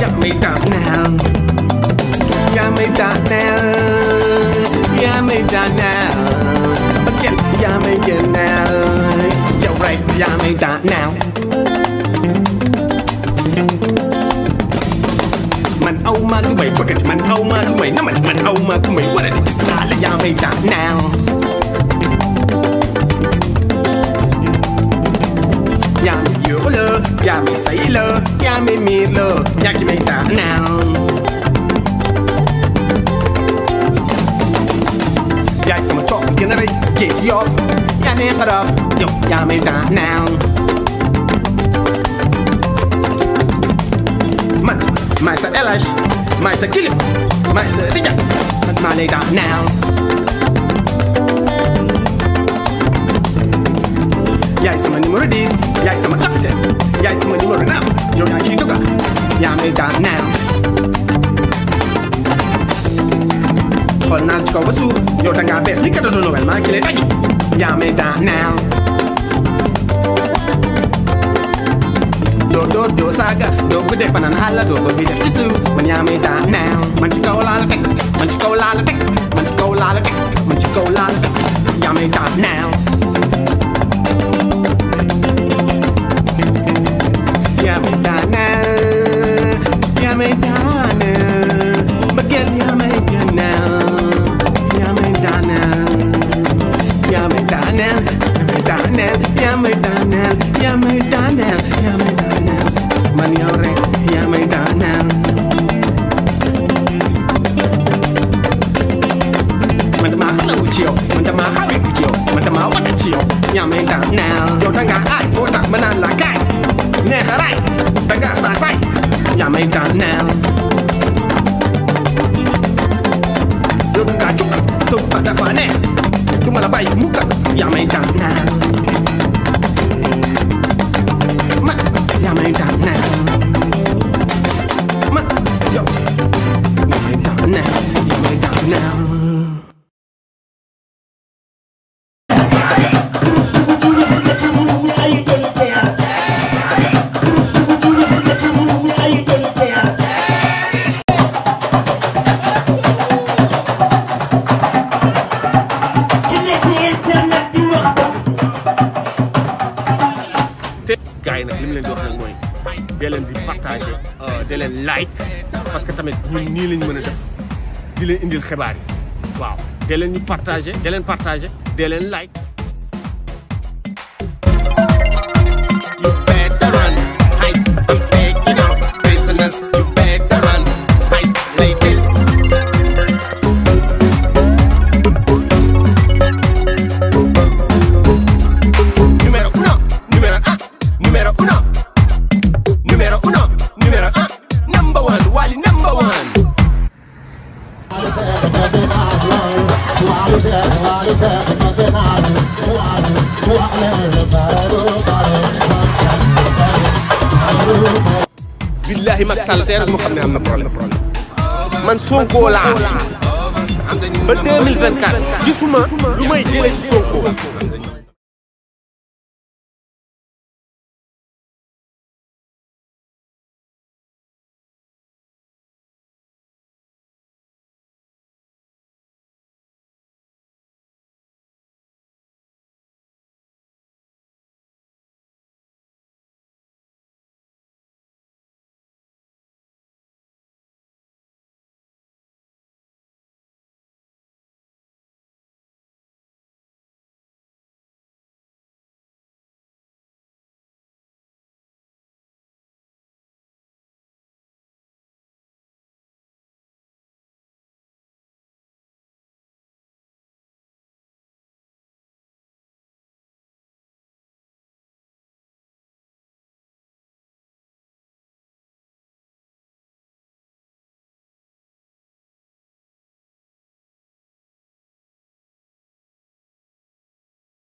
đã đã đã Yamidana Yamidana Yamidana Yamidana Yo right Yamidana Man oh mà cứ mày quật man oh mà cứ mày nó mày man oh mà cứ mày quật it's star là đã Yamidana Yamidana Nhà mình xây lơ, nhà mình mì lơ, nhà kia mình tả nào Dạy xong chọn cái này, kể yo Nhà mình tả đập, yo, nhà mình ta nào Mà, mà sẽ elash, mà sẽ kill mà sẽ tích nhận, mà này ta nào Yay, someone in Moradis, yay, someone up there. yaay sama numéro now yow yaa ciy dugga yaa may daan now xool naa ci kaw ba suuf yow da ngaa bees li ka doon Noël maa ngi lay daji yaa may daan now doo doo doo saaga doo ko def fanaan àll doo ko fi def ci suuf man yaa may daan now man ci kaw laa la teg man ci kaw laa la teg man ci kaw laa la teg man ci kaw laa la teg yaa may daan now Señores, llame ganan. Mình mà hát lâu chiều, mình ta mà hát biết chiều, mình ta máu bắt chiều, nhà mình đã nào. Yo đang ngã ai, tôi tặng mình ăn lá cay, nghe khá lại, đang ngã xa say, nhà mình đã nào. gaay nag li mu leen di wax nag mooy dee leen di partager euh, dee leen like parce que tamit ñun nii lañ mën a def di leen indil xibaar yi waaw dee leen ñu partagé dee leen partagé dee leen like billaahi Macky Sall tey rek moo xam ne am na problème man Sonko laa ba 2024 gisuma lu may jëlee ci Sonko